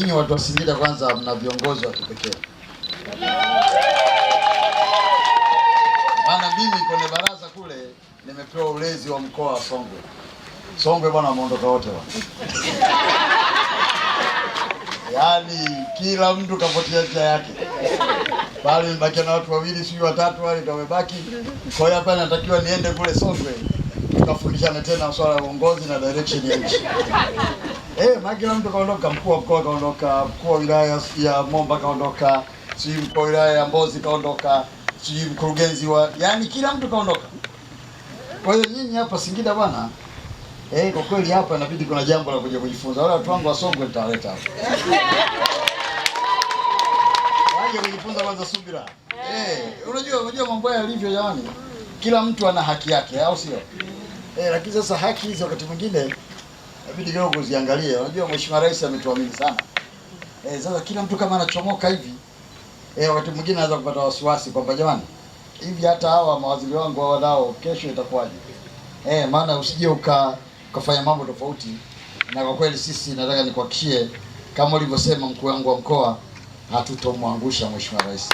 Ninyi watu wa Singida kwanza, mna viongozi wa kipekee. Maana mimi kwenye baraza kule nimepewa ulezi wa mkoa wa Songwe. Songwe bwana, wameondoka wote bwana. Yaani kila mtu kapotea njia yake, bali nimebakia na watu wawili, sijui watatu wale ndio wamebaki. Kwa hiyo hapa natakiwa niende kule Songwe tukafundishane tena swala ya uongozi na direction ya nchi eh, maana kila mtu kaondoka, mkuu wa mkoa kaondoka, mkuu wa wilaya ya Momba kaondoka, si mkuu wa wilaya ya Mbozi kaondoka, si mkurugenzi wa, yaani kila mtu kaondoka. Kwa hiyo nyinyi hapa Singida bwana Eh, kwa kweli hapa inabidi kuna jambo la kuja kujifunza. Wale watu wangu wasongwe nitawaleta hapa. Waje kujifunza kwanza subira. Eh, unajua unajua mambo yalivyo jamani. Kila mtu ana haki yake, au sio? Eh, lakini sasa haki hizi wakati mwingine inabidi leo kuziangalia. Unajua Mheshimiwa Rais ametuamini sana eh. Sasa kila mtu kama anachomoka hivi eh, wakati mwingine anaweza kupata wasiwasi kwamba jamani, hivi hata hawa mawaziri wangu hawa nao kesho itakuwaje? Eh, maana usije uka ukafanya mambo tofauti. Na kwa kweli sisi nataka nikuhakikishie kama ulivyosema mkuu wangu wa mkoa, hatutomwangusha Mheshimiwa Rais.